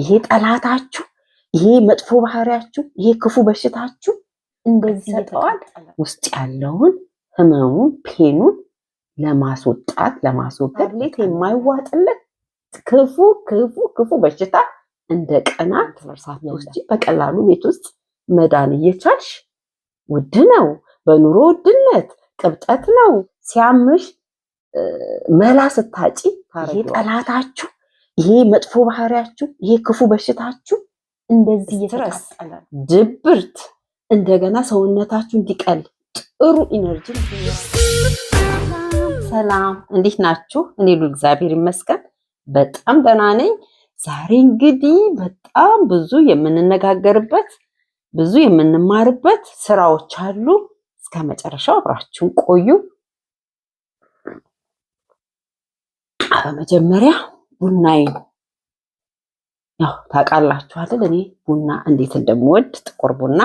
ይሄ ጠላታችሁ፣ ይሄ መጥፎ ባህሪያችሁ፣ ይሄ ክፉ በሽታችሁ እንደዚህ ሰጠዋል። ውስጥ ያለውን ህመሙን ፔኑን ለማስወጣት ለማስወገድ ሌት የማይዋጥለት ክፉ ክፉ ክፉ በሽታ እንደ ቀናት ውስጥ በቀላሉ ቤት ውስጥ መዳን እየቻልሽ ውድ ነው። በኑሮ ውድነት ቅብጠት ነው። ሲያምሽ መላ ስታጪ ይሄ ጠላታችሁ ይሄ መጥፎ ባህሪያችሁ፣ ይሄ ክፉ በሽታችሁ እንደዚህ እየተቃጠለ ድብርት፣ እንደገና ሰውነታችሁ እንዲቀል ጥሩ ኢነርጂ። ሰላም እንዴት ናችሁ? እኔ ሉ እግዚአብሔር ይመስገን በጣም ደህና ነኝ። ዛሬ እንግዲህ በጣም ብዙ የምንነጋገርበት ብዙ የምንማርበት ስራዎች አሉ። እስከ መጨረሻው አብራችሁን ቆዩ። በመጀመሪያ ቡናዬን ያው ታውቃላችሁ እኔ ቡና እንዴት እንደምወድ ጥቁር ቡና።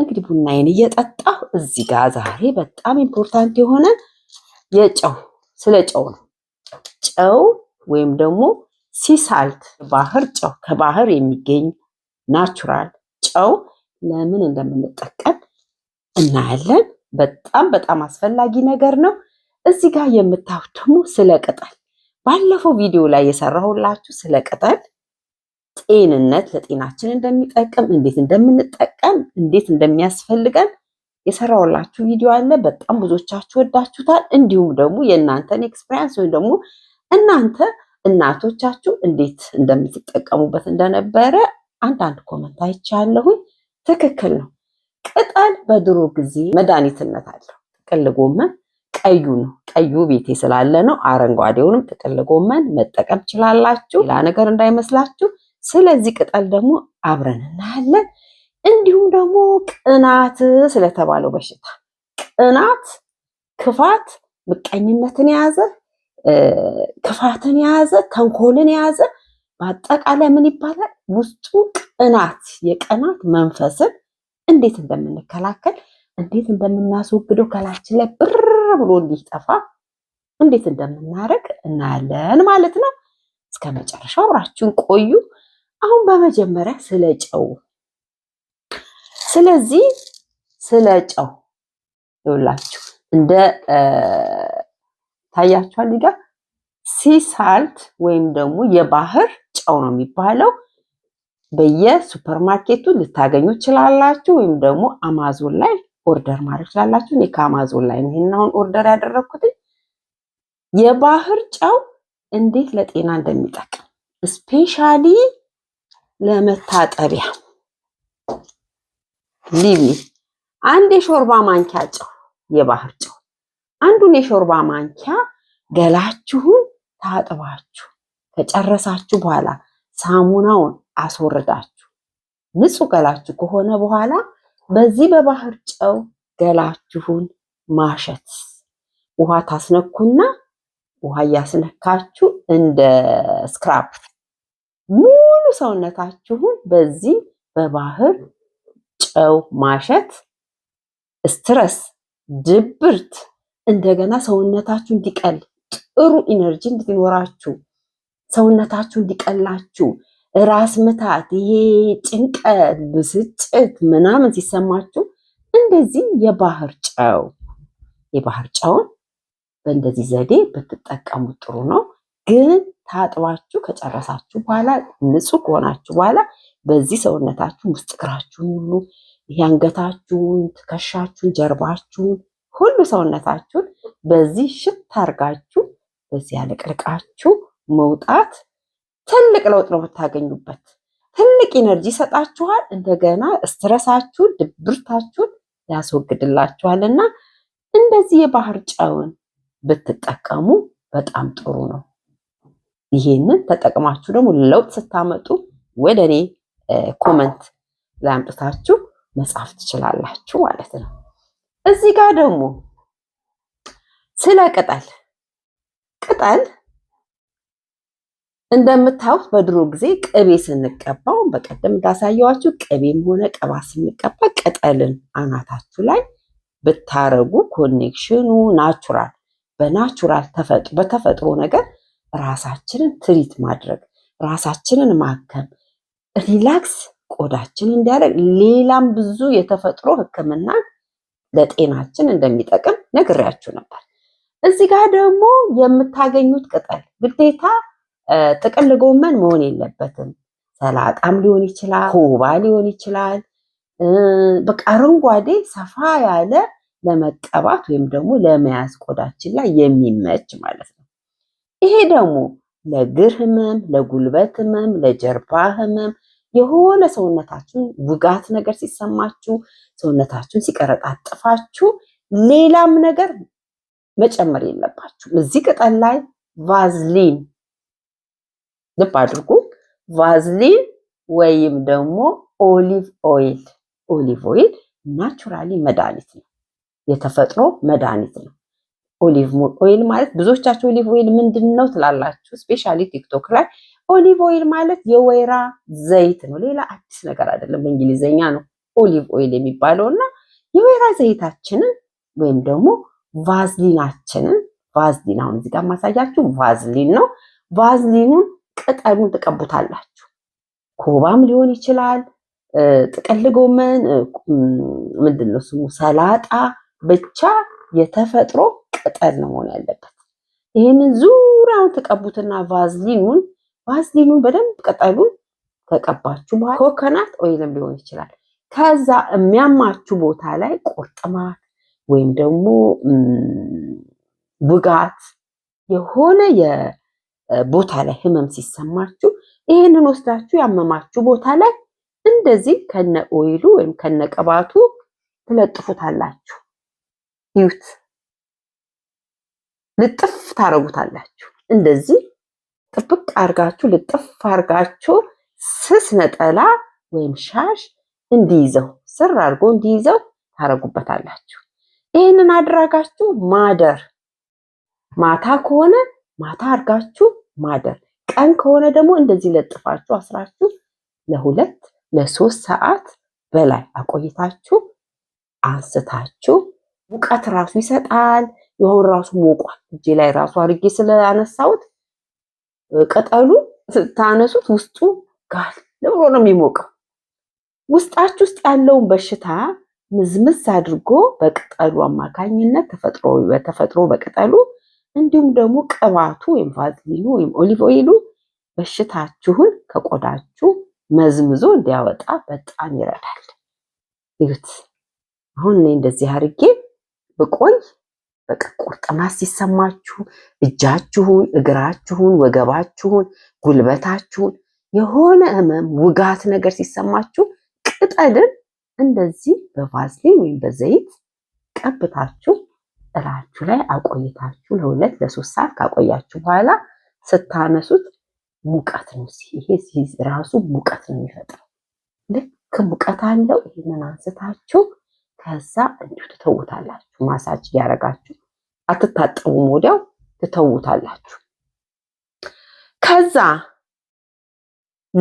እንግዲህ ቡናዬን እየጠጣሁ እዚህ ጋር ዛሬ በጣም ኢምፖርታንት የሆነ የጨው ስለ ጨው ነው። ጨው ወይም ደግሞ ሲሳልት ባህር ጨው ከባህር የሚገኝ ናቹራል ጨው ለምን እንደምንጠቀም እናያለን። በጣም በጣም አስፈላጊ ነገር ነው። እዚህ ጋር የምታዩት ደግሞ ስለ ቅጠል ባለፈው ቪዲዮ ላይ የሰራሁላችሁ ስለ ቅጠል ጤንነት ለጤናችን እንደሚጠቅም እንዴት እንደምንጠቀም እንዴት እንደሚያስፈልገን የሰራሁላችሁ ቪዲዮ አለ። በጣም ብዙዎቻችሁ ወዳችሁታል። እንዲሁም ደግሞ የእናንተን ኤክስፔሪንስ ወይም ደግሞ እናንተ እናቶቻችሁ እንዴት እንደምትጠቀሙበት እንደነበረ አንዳንድ ኮመንት አይቻለሁኝ። ትክክል ነው። ቅጠል በድሮ ጊዜ መድኃኒትነት አለው። ጥቅል ጎመን ቀዩ ነው። ቀዩ ቤቴ ስላለ ነው። አረንጓዴውንም ጥቅል ጎመን መጠቀም ችላላችሁ ሌላ ነገር እንዳይመስላችሁ። ስለዚህ ቅጠል ደግሞ አብረን እናያለን። እንዲሁም ደግሞ ቅናት ስለተባለው በሽታ ቅናት፣ ክፋት፣ ምቀኝነትን የያዘ ክፋትን የያዘ ተንኮልን የያዘ በአጠቃላይ ምን ይባላል? ውስጡ ቅናት የቅናት መንፈስን እንዴት እንደምንከላከል እንዴት እንደምናስወግደው ከላችን ላይ ብር ብሎ እንዲጠፋ እንዴት እንደምናደርግ እናያለን ማለት ነው። እስከ መጨረሻው አብራችሁን ቆዩ። አሁን በመጀመሪያ ስለ ጨው፣ ስለዚህ ስለ ጨው ይውላችሁ እንደ ታያችኋል ጋር ሲሳልት ወይም ደግሞ የባህር ጨው ነው የሚባለው። በየሱፐርማርኬቱ ልታገኙ ትችላላችሁ፣ ወይም ደግሞ አማዞን ላይ ኦርደር ማድረግ ትችላላችሁ። እኔ ከአማዞን ላይ ነው ይሄን አሁን ኦርደር ያደረግኩት። የባህር ጨው እንዴት ለጤና እንደሚጠቅም ስፔሻሊ ለመታጠቢያ ሊቪ አንድ የሾርባ ማንኪያ ጨው የባህር ጨው አንዱን የሾርባ ማንኪያ ገላችሁን ታጥባችሁ ከጨረሳችሁ በኋላ ሳሙናውን አስወርዳችሁ ንጹህ ገላችሁ ከሆነ በኋላ በዚህ በባህር ጨው ገላችሁን ማሸት ውሃ ታስነኩና ውሃ እያስነካችሁ እንደ ስክራፕ ሙሉ ሰውነታችሁን በዚህ በባህር ጨው ማሸት ስትረስ፣ ድብርት እንደገና ሰውነታችሁ እንዲቀል ጥሩ ኢነርጂ እንዲኖራችሁ ሰውነታችሁ እንዲቀላችሁ ራስ ምታት፣ ይሄ ጭንቀት፣ ብስጭት ምናምን ሲሰማችሁ እንደዚህ የባህር ጨው የባህር ጨውን በእንደዚህ ዘዴ ብትጠቀሙት ጥሩ ነው። ግን ታጥባችሁ ከጨረሳችሁ በኋላ ንጹህ ከሆናችሁ በኋላ በዚህ ሰውነታችሁ ውስጥ እግራችሁን ሁሉ ያንገታችሁን፣ ትከሻችሁን፣ ጀርባችሁን ሁሉ ሰውነታችሁን በዚህ ሽት አርጋችሁ በዚህ ያለቅልቃችሁ መውጣት ትልቅ ለውጥ ነው የምታገኙበት። ትልቅ ኢነርጂ ይሰጣችኋል። እንደገና ስትረሳችሁን፣ ድብርታችሁን ያስወግድላችኋል እና እንደዚህ የባህር ጨውን ብትጠቀሙ በጣም ጥሩ ነው። ይሄንን ተጠቅማችሁ ደግሞ ለውጥ ስታመጡ ወደ እኔ ኮመንት ላይ አምጥታችሁ መጻፍ ትችላላችሁ ማለት ነው። እዚህ ጋር ደግሞ ስለ ቅጠል ቅጠል እንደምታዩት በድሮ ጊዜ ቅቤ ስንቀባው በቀደም እንዳሳየዋችሁ ቅቤም ሆነ ቅባ ስንቀባ ቅጠልን አናታችሁ ላይ ብታረጉ ኮኔክሽኑ ናቹራል በናቹራል በተፈጥሮ ነገር ራሳችንን ትሪት ማድረግ ራሳችንን ማከም ሪላክስ ቆዳችን እንዲያደርግ ሌላም ብዙ የተፈጥሮ ሕክምና ለጤናችን እንደሚጠቅም ነግሬያችሁ ነበር። እዚህ ጋር ደግሞ የምታገኙት ቅጠል ግዴታ ጥቅል ጎመን መሆን የለበትም። ሰላጣም ሊሆን ይችላል፣ ኮባ ሊሆን ይችላል። በቃ አረንጓዴ ሰፋ ያለ ለመቀባት ወይም ደግሞ ለመያዝ ቆዳችን ላይ የሚመች ማለት ነው። ይሄ ደግሞ ለእግር ህመም፣ ለጉልበት ህመም፣ ለጀርባ ህመም የሆነ ሰውነታችሁን ውጋት ነገር ሲሰማችሁ፣ ሰውነታችሁን ሲቀረጣጥፋችሁ ሌላም ነገር መጨመር የለባችሁ እዚህ ቅጠል ላይ ቫዝሊን ልብ አድርጉ። ቫዝሊን ወይም ደግሞ ኦሊቭ ኦይል ኦሊቭ ኦይል ናቹራሊ መድኃኒት ነው፣ የተፈጥሮ መድኃኒት ነው። ኦሊቭ ኦይል ማለት ብዙዎቻችሁ ኦሊቭ ኦይል ምንድን ነው ትላላችሁ፣ ስፔሻሊ ቲክቶክ ላይ። ኦሊቭ ኦይል ማለት የወይራ ዘይት ነው፣ ሌላ አዲስ ነገር አይደለም። በእንግሊዝኛ ነው ኦሊቭ ኦይል የሚባለው እና የወይራ ዘይታችንን ወይም ደግሞ ቫዝሊናችንን ቫዝሊን አሁን እዚህ ጋር ማሳያችሁ ቫዝሊን ነው። ቫዝሊኑን ቅጠሉን ትቀቡታላችሁ። ኮባም ሊሆን ይችላል፣ ጥቅል ጎመን፣ ምንድን ነው ስሙ፣ ሰላጣ፣ ብቻ የተፈጥሮ ቅጠል ነው መሆን ያለበት። ይህንን ዙሪያውን ትቀቡትና ቫዝሊኑን ቫዝሊኑን በደንብ ቅጠሉን ተቀባችሁ በኋላ ኮኮናት ኦይልም ሊሆን ይችላል። ከዛ የሚያማችሁ ቦታ ላይ ቁርጥማት ወይም ደግሞ ውጋት የሆነ ቦታ ላይ ህመም ሲሰማችሁ ይህንን ወስዳችሁ ያመማችሁ ቦታ ላይ እንደዚህ ከነ ኦይሉ ወይም ከነ ቅባቱ ትለጥፉታላችሁ። ይዩት፣ ልጥፍ ታረጉታላችሁ። እንደዚህ ጥብቅ አርጋችሁ ልጥፍ አርጋችሁ ስስ ነጠላ ወይም ሻሽ እንዲይዘው ስር አድርጎ እንዲይዘው ታረጉበታላችሁ። ይህንን አድራጋችሁ ማደር ማታ ከሆነ ማታ አርጋችሁ ማደር። ቀን ከሆነ ደግሞ እንደዚህ ለጥፋችሁ አስራችሁ ለሁለት ለሶስት ሰዓት በላይ አቆይታችሁ አንስታችሁ ሙቀት ራሱ ይሰጣል። የሆን ራሱ ሞቋል። እጄ ላይ ራሱ አድርጌ ስለአነሳሁት ቅጠሉ ስታነሱት ውስጡ ጋል ለብሮ ነው የሚሞቀው። ውስጣችሁ ውስጥ ያለውን በሽታ ምዝምዝ አድርጎ በቅጠሉ አማካኝነት ተፈጥሮ በተፈጥሮ በቅጠሉ እንዲሁም ደግሞ ቅባቱ ወይም ቫዝሊኑ ወይም ኦሊቭ ኦይሉ በሽታችሁን ከቆዳችሁ መዝምዞ እንዲያወጣ በጣም ይረዳል። ይሁት አሁን እኔ እንደዚህ አድርጌ ብቆይ በቃ ቁርጥማት ሲሰማችሁ እጃችሁን፣ እግራችሁን፣ ወገባችሁን፣ ጉልበታችሁን የሆነ ህመም፣ ውጋት ነገር ሲሰማችሁ ቅጠልን እንደዚህ በቫዝሊን ወይም በዘይት ቀብታችሁ እራችሁ ላይ አቆይታችሁ ለሁለት ለሶስት ሰዓት ካቆያችሁ በኋላ ስታነሱት ሙቀት ነው። ይሄ ራሱ ሙቀት ነው የሚፈጥረው። ልክ ሙቀት አለው። ይህንን አንስታችሁ ከዛ እንዲሁ ትተውታላችሁ። ማሳጅ እያደረጋችሁ አትታጠቡም፣ ወዲያው ትተውታላችሁ። ከዛ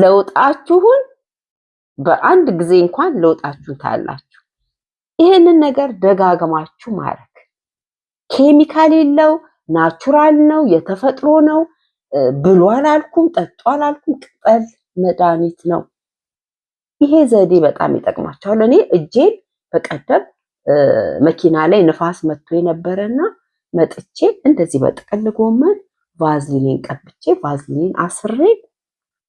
ለውጣችሁን በአንድ ጊዜ እንኳን ለውጣችሁን ታያላችሁ። ይህንን ነገር ደጋግማችሁ ማድረግ ኬሚካል የለው ናቹራል ነው የተፈጥሮ ነው ብሎ አላልኩም፣ ጠጡ አላልኩም። ቅጠል መድኃኒት ነው። ይሄ ዘዴ በጣም ይጠቅማቸዋል። እኔ እጄን በቀደም መኪና ላይ ንፋስ መጥቶ የነበረና መጥቼ እንደዚህ በጥቅል ጎመን ቫዝሊን ቀብቼ ቫዝሊን አስሬ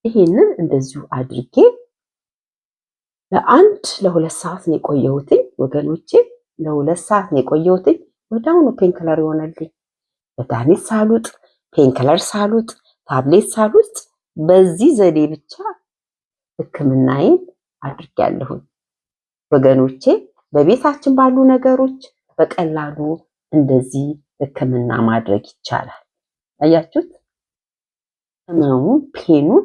ይሄንን እንደዚሁ አድርጌ ለአንድ ለሁለት ሰዓት ነው የቆየሁትኝ ወገኖቼ፣ ለሁለት ሰዓት ነው የቆየሁትኝ። ወዲያውኑ ፔንክለር ይሆነልኝ። መድኃኒት ሳሉጥ፣ ፔንክለር ሳሉጥ፣ ታብሌት ሳሉጥ በዚህ ዘዴ ብቻ ሕክምናዬን አድርጊያለሁኝ። ወገኖቼ በቤታችን ባሉ ነገሮች በቀላሉ እንደዚህ ህክምና ማድረግ ይቻላል። አያችሁት? ህመሙን ፔኑን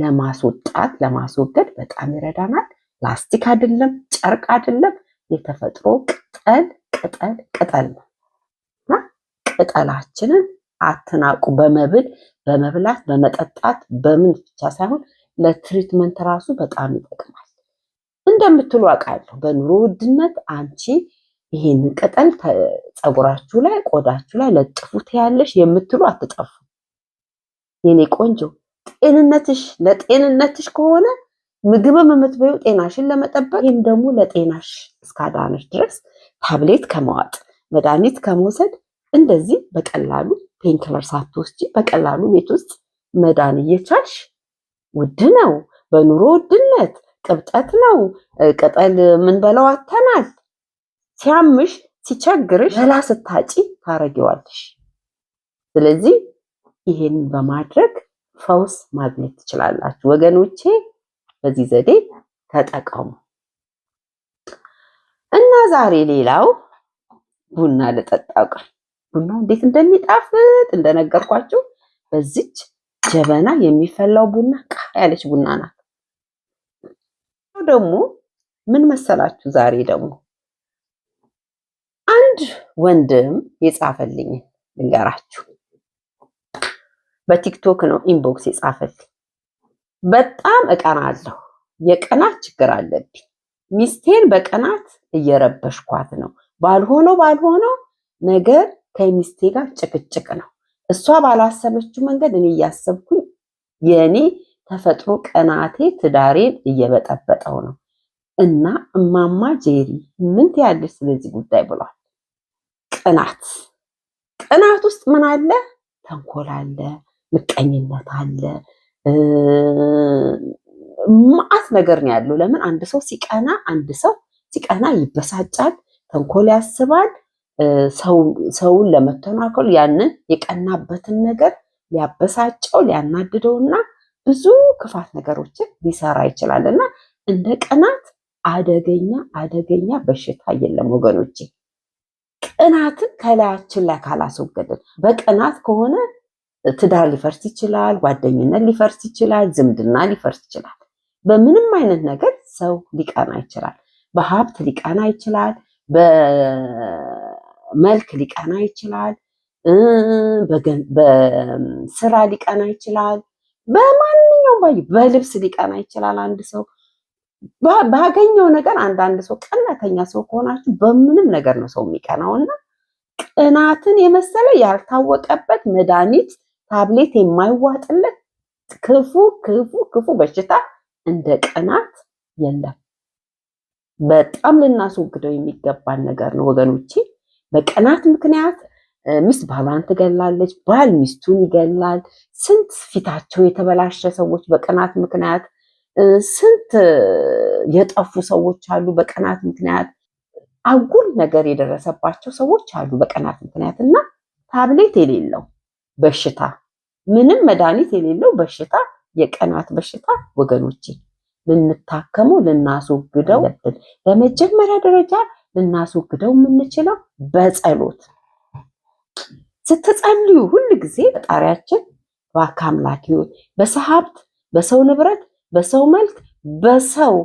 ለማስወጣት ለማስወገድ በጣም ይረዳናል። ላስቲክ አይደለም፣ ጨርቅ አይደለም፣ የተፈጥሮ ቅጠል ቅጠል ቅጠል ነው እና ቅጠላችንን አትናቁ። በመብል በመብላት በመጠጣት በምን ብቻ ሳይሆን ለትሪትመንት ራሱ በጣም ይጠቅማል። እንደምትሉ አውቃለሁ። በኑሮ ውድነት አንቺ ይሄንን ቅጠል ፀጉራችሁ ላይ ቆዳችሁ ላይ ለጥፉት ያለሽ የምትሉ አትጠፉ። የኔ ቆንጆ ጤንነትሽ ለጤንነትሽ ከሆነ ምግብም የምትበዩ ጤናሽን ለመጠበቅ ይህም ደግሞ ለጤናሽ እስካዳነሽ ድረስ ታብሌት ከመዋጥ መድኃኒት ከመውሰድ እንደዚህ በቀላሉ ፔንክለር ሳትወስጂ በቀላሉ ቤት ውስጥ መዳን እየቻልሽ ውድ ነው። በኑሮ ውድነት ቅብጠት ነው። ቅጠል በለው አተናል። ሲያምሽ ሲቸግርሽ መላ ስታጪ ታረጊዋለሽ። ስለዚህ ይህን በማድረግ ፈውስ ማግኘት ትችላላችሁ ወገኖቼ። በዚህ ዘዴ ተጠቀሙ። እና ዛሬ ሌላው ቡና ልጠጣ ቀን ቡናው እንዴት እንደሚጣፍጥ እንደነገርኳችሁ በዚች ጀበና የሚፈላው ቡና ቃ ያለች ቡና ናት። ደግሞ ምን መሰላችሁ? ዛሬ ደግሞ አንድ ወንድም የጻፈልኝ ልንገራችሁ። በቲክቶክ ነው ኢንቦክስ የጻፈልኝ። በጣም እቀናለሁ፣ የቀናት ችግር አለብኝ። ሚስቴን በቀናት እየረበሽኳት ነው። ባልሆነው ባልሆነው ነገር ከሚስቴ ጋር ጭቅጭቅ ነው። እሷ ባላሰበችው መንገድ እኔ እያሰብኩኝ የእኔ ተፈጥሮ ቀናቴ ትዳሬን እየበጠበጠው ነው እና እማማ ጄሪ ምን ትያለሽ ስለዚህ ጉዳይ ብሏል። ቅናት ቅናት ውስጥ ምን አለ? ተንኮል አለ፣ ምቀኝነት አለ፣ ማአት ነገር ነው ያለው። ለምን አንድ ሰው ሲቀና አንድ ሰው ሲቀና ይበሳጫል፣ ተንኮል ያስባል፣ ሰውን ለመተናከል ያንን የቀናበትን ነገር ሊያበሳጨው ሊያናድደውና ብዙ ክፋት ነገሮችን ሊሰራ ይችላል እና እንደ ቅናት አደገኛ አደገኛ በሽታ የለም ወገኖቼ። ቅናትን ከላያችን ላይ ካላስወገድን በቅናት ከሆነ ትዳር ሊፈርስ ይችላል፣ ጓደኝነት ሊፈርስ ይችላል፣ ዝምድና ሊፈርስ ይችላል። በምንም አይነት ነገር ሰው ሊቀና ይችላል። በሀብት ሊቀና ይችላል፣ በመልክ ሊቀና ይችላል፣ በስራ ሊቀና ይችላል፣ በማንኛውም በልብስ ሊቀና ይችላል። አንድ ሰው ባገኘው ነገር አንዳንድ ሰው ቀናተኛ ሰው ከሆናችሁ በምንም ነገር ነው ሰው የሚቀናው እና ቅናትን የመሰለ ያልታወቀበት መድኃኒት ታብሌት የማይዋጥለት ክፉ ክፉ ክፉ በሽታ እንደ ቅናት የለም። በጣም ልናስወግደው የሚገባን ነገር ነው ወገኖቼ። በቀናት ምክንያት ሚስት ባሏን ትገላለች፣ ባል ሚስቱን ይገላል። ስንት ፊታቸው የተበላሸ ሰዎች በቀናት ምክንያት፣ ስንት የጠፉ ሰዎች አሉ በቀናት ምክንያት፣ አጉል ነገር የደረሰባቸው ሰዎች አሉ በቀናት ምክንያት እና ታብሌት የሌለው በሽታ ምንም መድኃኒት የሌለው በሽታ የቀናት በሽታ ወገኖቼ ልንታከመው ልናስወግደው በመጀመሪያ ደረጃ ልናስወግደው የምንችለው በጸሎት ስትጸልዩ ሁል ጊዜ ፈጣሪያችን እባክህ አምላኬ ሆይ በሰው ሀብት፣ በሰው ንብረት፣ በሰው መልክ፣ በሰው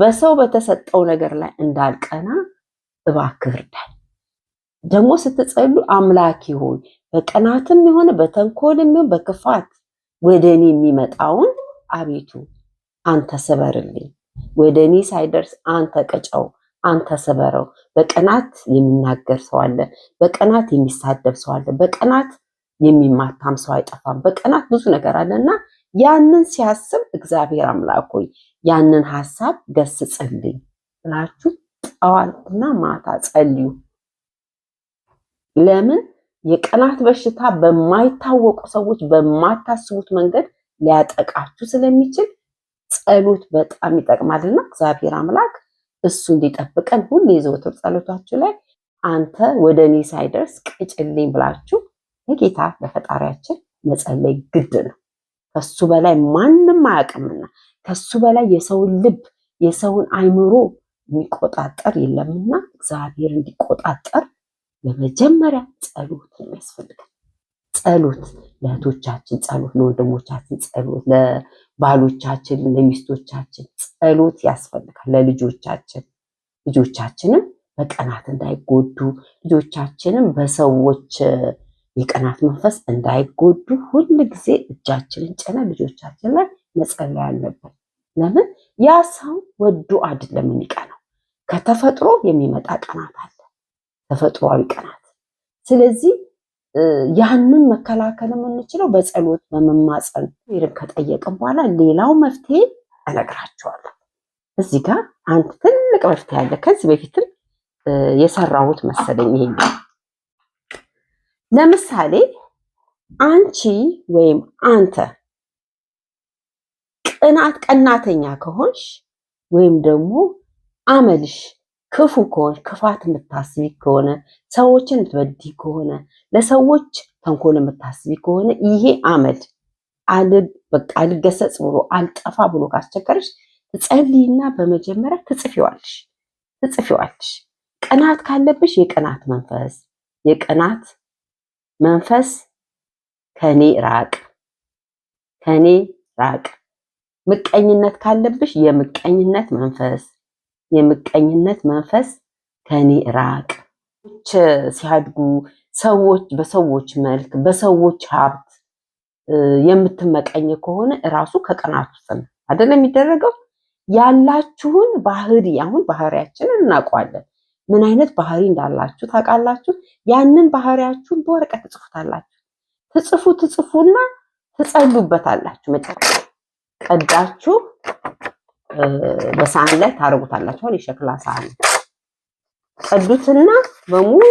በሰው በተሰጠው ነገር ላይ እንዳልቀና እባክህ እርዳኝ። ደግሞ ስትጸሉ አምላክ ሆይ በቅናትም የሆነ በተንኮልም ይሁን በክፋት ወደ እኔ የሚመጣውን አቤቱ አንተ ስበርልኝ፣ ወደ እኔ ሳይደርስ አንተ ቅጨው፣ አንተ ስበረው። በቀናት የሚናገር ሰው አለ፣ በቀናት የሚሳደብ ሰው አለ፣ በቀናት የሚማታም ሰው አይጠፋም። በቀናት ብዙ ነገር አለ እና ያንን ሲያስብ እግዚአብሔር አምላክ ሆይ ያንን ሀሳብ ገስጽልኝ ብላችሁ ጠዋትና ማታ ጸልዩ። ለምን የቀናት በሽታ በማይታወቁ ሰዎች በማታስቡት መንገድ ሊያጠቃችሁ ስለሚችል ጸሎት በጣም ይጠቅማልና እግዚአብሔር አምላክ እሱ እንዲጠብቀን ሁሌ የዘወትር ጸሎታችሁ ላይ አንተ ወደ እኔ ሳይደርስ ቅጭልኝ ብላችሁ ለጌታ ለፈጣሪያችን መጸለይ ግድ ነው። ከሱ በላይ ማንም አያውቅምና ከሱ በላይ የሰውን ልብ የሰውን አይምሮ የሚቆጣጠር የለምና እግዚአብሔር እንዲቆጣጠር በመጀመሪያ ጸሎት ነው ያስፈልጋል። ጸሎት ለእህቶቻችን ጸሎት፣ ለወንድሞቻችን ጸሎት፣ ለባሎቻችን፣ ለሚስቶቻችን ጸሎት ያስፈልጋል። ለልጆቻችን ልጆቻችንም በቀናት እንዳይጎዱ ልጆቻችንም በሰዎች የቀናት መንፈስ እንዳይጎዱ ሁል ጊዜ እጃችንን ጭነ ልጆቻችን ላይ መጸለይ አለብን። ለምን ያ ሰው ወዶ አይደለም የሚቀናው፣ ከተፈጥሮ የሚመጣ ቀናት አለ፣ ተፈጥሯዊ ቀናት። ስለዚህ ያንን መከላከል የምንችለው በጸሎት በመማፀን ይርብ ከጠየቅን በኋላ ሌላው መፍትሄ እነግራቸዋለሁ። እዚህ ጋር አንድ ትልቅ መፍትሄ አለ። ከዚህ በፊትም የሰራሁት መሰለኝ። ይሄ ለምሳሌ አንቺ ወይም አንተ ቅናት ቀናተኛ ከሆንሽ ወይም ደግሞ አመልሽ ክፉ ከሆንሽ፣ ክፋት የምታስቢ ከሆነ ሰዎችን የምትበዲ ከሆነ ለሰዎች ተንኮል የምታስቢ ከሆነ ይሄ አመድ በቃ አልገሰጽ ብሎ አልጠፋ ብሎ ካስቸገረሽ ትጸልይና በመጀመሪያ ትጽፊዋለሽ ትጽፊዋለሽ። ቅናት ካለብሽ የቅናት መንፈስ የቅናት መንፈስ ከኔ ራቅ ከኔ ራቅ። ምቀኝነት ካለብሽ የምቀኝነት መንፈስ የምቀኝነት መንፈስ ከኔ ራቅ። ሲያድጉ ሰዎች በሰዎች መልክ በሰዎች ሀብት የምትመቀኝ ከሆነ እራሱ ከቅናት ውስጥ ነው የሚደረገው። ያላችሁን ባህሪ አሁን ባህሪያችንን እናውቀዋለን። ምን አይነት ባህሪ እንዳላችሁ ታውቃላችሁ። ያንን ባህሪያችሁን በወረቀት ትጽፉታላችሁ። ትጽፉ ትጽፉና ትጸሉበታላችሁ። መጨረሻ ቀዳችሁ በሳህን ላይ ታደርጉታላችኋል። የሸክላ ሳህን ቀዱትና በሙሉ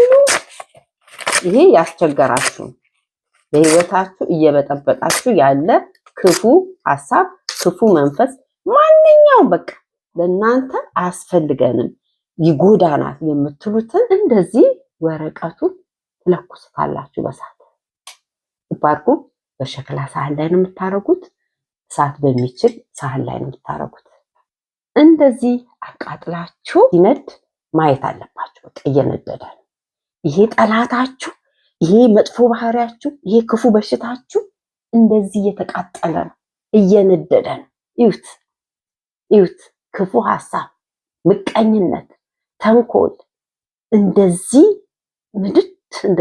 ይሄ ያስቸገራችሁ በህይወታችሁ እየበጠበጣችሁ ያለ ክፉ ሀሳብ፣ ክፉ መንፈስ፣ ማንኛውም በቃ ለእናንተ አያስፈልገንም ይጎዳናል የምትሉትን እንደዚህ ወረቀቱ ትለኩስታላችሁ በሳት ባርኩ። በሸክላ ሳህን ላይ ነው የምታረጉት። እሳት በሚችል ሳህን ላይ ነው የምታረጉት። እንደዚህ አቃጥላችሁ ይነድ ማየት አለባችሁ። በቃ እየነደደ ነው። ይሄ ጠላታችሁ፣ ይሄ መጥፎ ባህሪያችሁ፣ ይሄ ክፉ በሽታችሁ እንደዚህ እየተቃጠለ ነው፣ እየነደደ ነው። ይዩት፣ ይዩት። ክፉ ሀሳብ፣ ምቀኝነት፣ ተንኮል እንደዚህ ምድት እንደ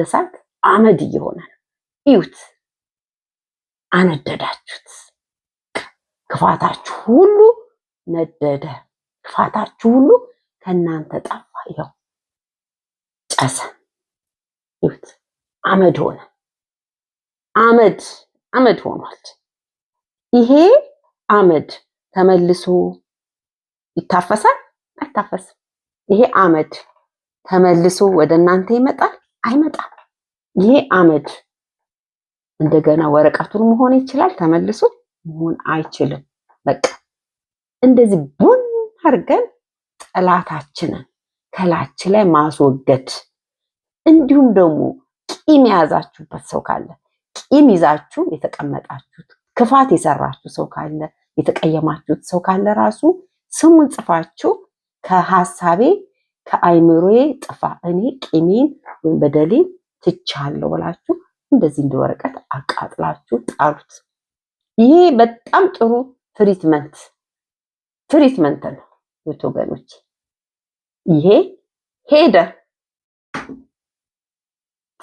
አመድ እየሆነ ነው። እዩት፣ አነደዳችሁት። ክፋታችሁ ሁሉ ነደደ። ክፋታችሁ ሁሉ ከእናንተ ጠፋ። ይኸው ጨሰ፣ ይሁት አመድ ሆነ። አመድ አመድ ሆኗል። ይሄ አመድ ተመልሶ ይታፈሳል? አይታፈስም። ይሄ አመድ ተመልሶ ወደ እናንተ ይመጣል? አይመጣም። ይሄ አመድ እንደገና ወረቀቱን መሆን ይችላል? ተመልሶ መሆን አይችልም። በቃ እንደዚህ ቡን አድርገን ጠላታችንን ከላች ላይ ማስወገድ። እንዲሁም ደግሞ ቂም የያዛችሁበት ሰው ካለ ቂም ይዛችሁ የተቀመጣችሁት ክፋት የሰራችሁ ሰው ካለ የተቀየማችሁት ሰው ካለ ራሱ ስሙን ጽፋችሁ ከሀሳቤ ከአይምሮዬ ጥፋ እኔ ቂሜን ወይም በደሌን ትቻለሁ ብላችሁ እንደዚህ እንደ ወረቀት አቃጥላችሁ ጣሉት። ይሄ በጣም ጥሩ ትሪትመንት ትሪትመንት ነው ውድ ወገኖች። ይሄ ሄደ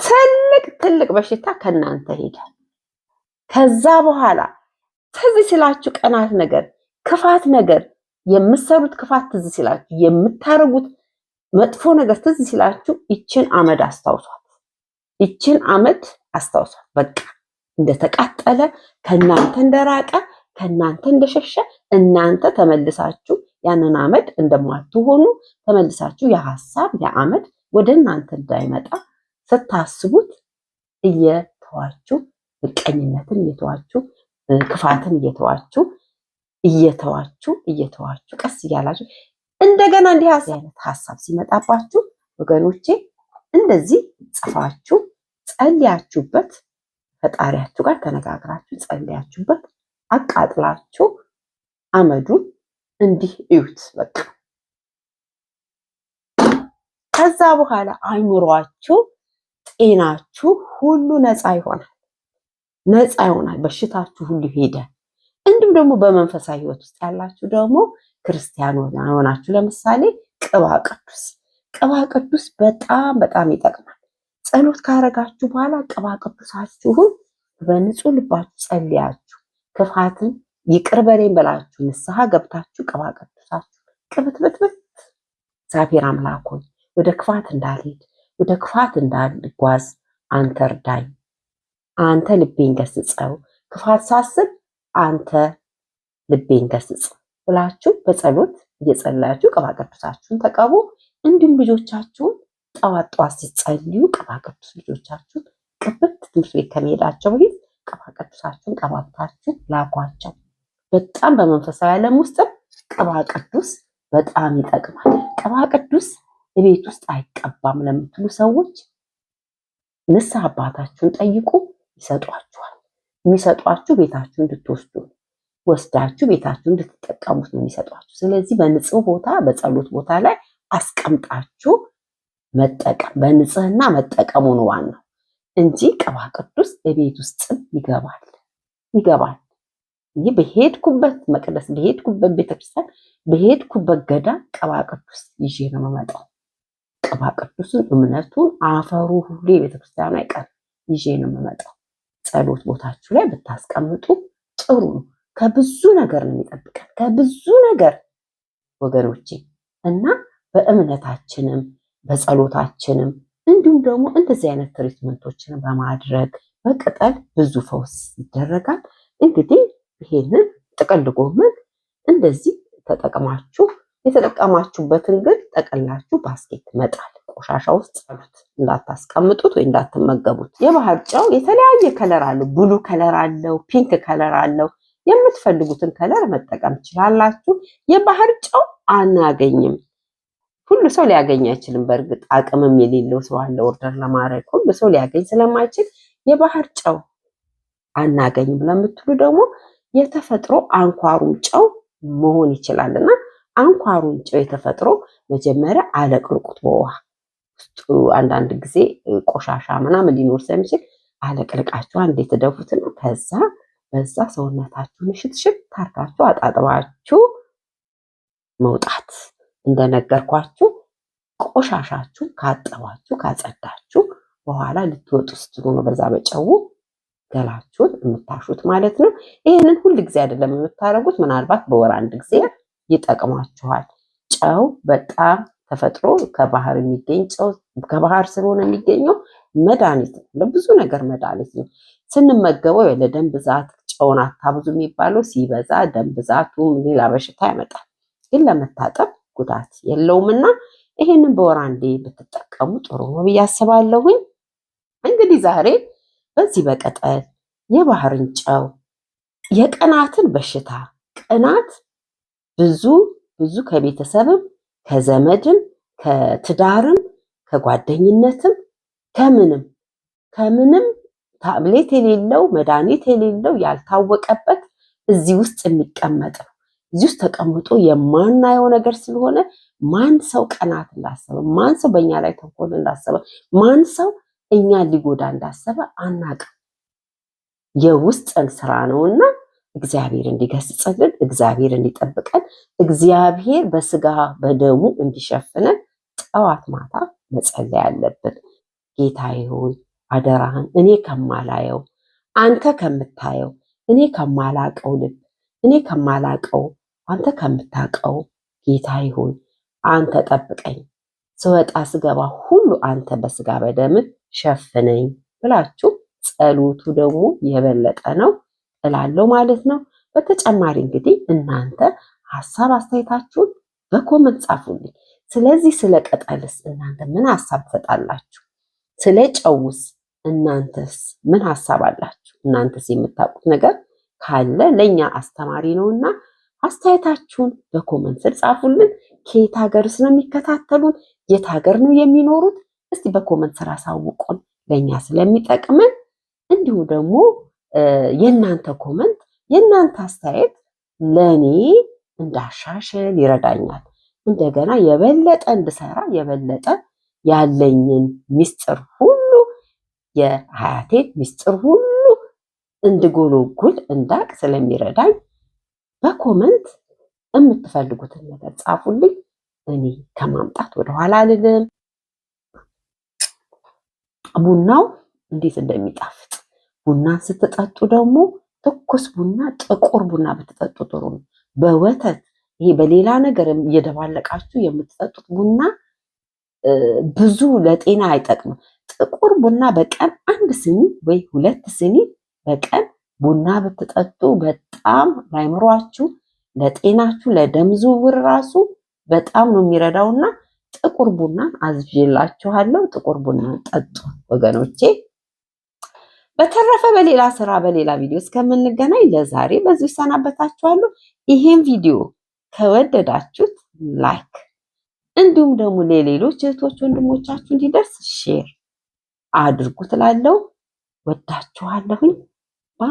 ትልቅ ትልቅ በሽታ ከእናንተ ሄደ። ከዛ በኋላ ትዝ ሲላችሁ ቀናት ነገር፣ ክፋት ነገር የምትሰሩት ክፋት ትዝ ሲላችሁ የምታደርጉት መጥፎ ነገር ትዝ ሲላችሁ ይችን አመድ አስታውሷት፣ ይችን አመድ አስታውሷት። በቃ እንደተቃጠለ ከእናንተ እንደራቀ ከእናንተ እንደሸሸ እናንተ ተመልሳችሁ ያንን አመድ እንደማትሆኑ ተመልሳችሁ የሀሳብ የአመድ ወደ እናንተ እንዳይመጣ ስታስቡት እየተዋችሁ ምቀኝነትን እየተዋችሁ ክፋትን እየተዋችሁ እየተዋችሁ እየተዋችሁ ቀስ እያላችሁ እንደገና እንዲህ አይነት ሀሳብ ሲመጣባችሁ ወገኖቼ እንደዚህ ጽፋችሁ ጸልያችሁበት ፈጣሪያችሁ ጋር ተነጋግራችሁ ጸልያችሁበት አቃጥላችሁ አመዱን እንዲህ እዩት። በቃ ከዛ በኋላ አይምሯችሁ፣ ጤናችሁ ሁሉ ነፃ ይሆናል። ነፃ ይሆናል። በሽታችሁ ሁሉ ሄደ እንዲሁም ደግሞ በመንፈሳዊ ህይወት ውስጥ ያላችሁ ደግሞ ክርስቲያን ሆናችሁ ለምሳሌ ቅባ ቅዱስ ቅባ ቅዱስ በጣም በጣም ይጠቅማል። ጸሎት ካረጋችሁ በኋላ ቅባ ቅዱሳችሁን በንጹህ ልባችሁ ጸልያችሁ ክፋትን ይቅር በለኝ ብላችሁ ንስሐ ገብታችሁ ቅባ ቅዱሳችሁ ቅብትብትብት እግዚአብሔር አምላክ ሆይ ወደ ክፋት እንዳልሄድ ወደ ክፋት እንዳልጓዝ አንተ እርዳኝ። አንተ ልቤን ገስጸው፣ ክፋት ሳስብ አንተ ልቤን ገስጽ ብላችሁ በጸሎት እየጸላችሁ ቅባ ቅዱሳችሁን ተቀቡ። እንዲሁም ልጆቻችሁን ጠዋት ጠዋት ሲጸልዩ ቅባ ቅዱስ ልጆቻችሁን ቅብት ትምህርት ቤት ከመሄዳቸው በፊት ቅባቅዱሳችሁን ቀባብታችሁ ላኳቸው። በጣም በመንፈሳዊ ዓለም ውስጥም ቅባ ቅዱስ በጣም ይጠቅማል። ቅባ ቅዱስ ቤት ውስጥ አይቀባም ለምትሉ ሰዎች ንስሐ አባታችሁን ጠይቁ፣ ይሰጧችኋል። የሚሰጧችሁ ቤታችሁ እንድትወስዱ ወስዳችሁ ቤታችሁ እንድትጠቀሙት ነው የሚሰጧችሁ። ስለዚህ በንጹህ ቦታ በጸሎት ቦታ ላይ አስቀምጣችሁ መጠቀም በንጽህና መጠቀሙን ዋናው እንጂ ቅባ ቅዱስ የቤት ውስጥም ይገባል ይገባል። ይህ በሄድኩበት መቅደስ፣ በሄድኩበት ቤተክርስቲያን፣ በሄድኩበት ገዳ ቅባ ቅዱስ ይዤ ነው የምመጣው። ቅባ ቅዱስን እምነቱን አፈሩ ሁሉ የቤተክርስቲያኑ አይቀር ይዤ ነው የምመጣው። ጸሎት ቦታችሁ ላይ ብታስቀምጡ ጥሩ ነው። ከብዙ ነገር ነው የሚጠብቀን ከብዙ ነገር ወገኖቼ እና በእምነታችንም በጸሎታችንም እንዲሁም ደግሞ እንደዚህ አይነት ትሪትመንቶችን በማድረግ በቅጠል ብዙ ፈውስ ይደረጋል። እንግዲህ ይሄንን ጥቅል ጎመን እንደዚህ ተጠቅማችሁ የተጠቀማችሁበትን ግን ጠቅላችሁ ባስኬት መጣል፣ ቆሻሻ ውስጥ ጸሉት እንዳታስቀምጡት ወይ እንዳትመገቡት። የባህር ጨው የተለያየ ከለር አለው። ብሉ ከለር አለው፣ ፒንክ ከለር አለው። የምትፈልጉትን ከለር መጠቀም ትችላላችሁ። የባህር ጨው አናገኝም ሁሉ ሰው ሊያገኝ አይችልም። በእርግጥ አቅምም የሌለው ሰው አለ ኦርደር ለማድረግ ሁሉ ሰው ሊያገኝ ስለማይችል የባህር ጨው አናገኝም ለምትሉ ደግሞ የተፈጥሮ አንኳሩን ጨው መሆን ይችላል እና አንኳሩን ጨው የተፈጥሮ መጀመሪያ አለቅልቁት በውሃ ውስጡ አንዳንድ ጊዜ ቆሻሻ ምናምን ሊኖር ስለሚችል አለቅልቃችሁ አንዴ ነው። ከዛ በዛ ሰውነታችሁን ሽትሽት ታርጋችሁ አጣጥባችሁ መውጣት እንደነገርኳችሁ ቆሻሻችሁ ካጠባችሁ ካጸዳችሁ በኋላ ልትወጡ ስትሉ ነው በዛ በጨው ገላችሁን የምታሹት ማለት ነው። ይህንን ሁል ጊዜ አይደለም የምታደርጉት፣ ምናልባት በወር አንድ ጊዜ ይጠቅማችኋል። ጨው በጣም ተፈጥሮ ከባህር የሚገኝ ጨው ከባህር ስለሆነ የሚገኘው መድኃኒት ነው። ለብዙ ነገር መድኃኒት ነው። ስንመገበው ለደም ብዛት ጨውን አታብዙ የሚባለው ሲበዛ ደም ብዛቱ ሌላ በሽታ ያመጣል። ግን ለመታጠብ ጉዳት የለውም እና ይሄንን በወር አንዴ ብትጠቀሙ ጥሩ ነው ብዬ አስባለሁኝ። እንግዲህ ዛሬ በዚህ በቅጠል የባህር እንጨው የቅናትን በሽታ ቅናት ብዙ ብዙ ከቤተሰብም ከዘመድም ከትዳርም ከጓደኝነትም ከምንም ከምንም ታብሌት የሌለው መድኃኒት የሌለው ያልታወቀበት እዚህ ውስጥ የሚቀመጥ ነው። እዚህ ውስጥ ተቀምጦ የማናየው ነገር ስለሆነ ማን ሰው ቀናት እንዳሰበ፣ ማን ሰው በእኛ ላይ ተንኮል እንዳሰበ፣ ማን ሰው እኛ ሊጎዳ እንዳሰበ አናቅም። የውስጥን ስራ ነውና እግዚአብሔር እንዲገስጽልን፣ እግዚአብሔር እንዲጠብቀን፣ እግዚአብሔር በስጋ በደሙ እንዲሸፍነን ጠዋት ማታ መጸለይ አለብን። ጌታ ይሁን አደራህን እኔ ከማላየው አንተ ከምታየው እኔ ከማላቀው ልብ እኔ ከማላቀው አንተ ከምታውቀው ጌታ ይሁን አንተ ጠብቀኝ፣ ስወጣ ስገባ ሁሉ አንተ በስጋ በደም ሸፍነኝ ብላችሁ ጸሎቱ ደግሞ የበለጠ ነው እላለሁ ማለት ነው። በተጨማሪ እንግዲህ እናንተ ሀሳብ አስተያየታችሁን በኮመንት ጻፉልኝ። ስለዚህ ስለ ቅጠልስ እናንተ ምን ሀሳብ ትሰጣላችሁ? ስለ ጨውስ እናንተስ ምን ሀሳብ አላችሁ? እናንተስ የምታውቁት ነገር ካለ ለእኛ አስተማሪ ነውና አስተያየታችሁን በኮመንት ስር ጻፉልን። ከየት ሀገር ነው የሚከታተሉን? የት ሀገር ነው የሚኖሩት? እስቲ በኮመንት ስር አሳውቁን፣ ለእኛ ስለሚጠቅመን። እንዲሁ ደግሞ የእናንተ ኮመንት፣ የእናንተ አስተያየት ለእኔ እንዳሻሽል ይረዳኛል። እንደገና የበለጠ እንድሰራ የበለጠ ያለኝን ሚስጥር ሁሉ የሀያቴ ሚስጥር ሁሉ እንድጎሎጉል እንዳቅ ስለሚረዳኝ በኮመንት የምትፈልጉትን ነገር ጻፉልኝ። እኔ ከማምጣት ወደኋላ አልልም። ቡናው እንዴት እንደሚጣፍጥ ቡና ስትጠጡ ደግሞ ትኩስ ቡና፣ ጥቁር ቡና ብትጠጡ ጥሩ ነው። በወተት ይሄ በሌላ ነገር እየደባለቃችሁ የምትጠጡት ቡና ብዙ ለጤና አይጠቅምም። ጥቁር ቡና በቀን አንድ ስኒ ወይ ሁለት ስኒ በቀን ቡና ብትጠጡ በጣም ላይምሯችሁ ለጤናችሁ፣ ለደም ዝውውር ራሱ በጣም ነው የሚረዳውና ጥቁር ቡና አዝዤላችኋለሁ። ጥቁር ቡና ጠጡ ወገኖቼ። በተረፈ በሌላ ስራ በሌላ ቪዲዮ እስከምንገናኝ ለዛሬ በዚሁ ይሰናበታችኋለሁ። ይሄን ቪዲዮ ከወደዳችሁት ላይክ እንዲሁም ደግሞ ለሌሎች እህቶች ወንድሞቻችሁ እንዲደርስ ሼር አድርጉ ትላለው። ወዳችኋለሁኝ። Bye.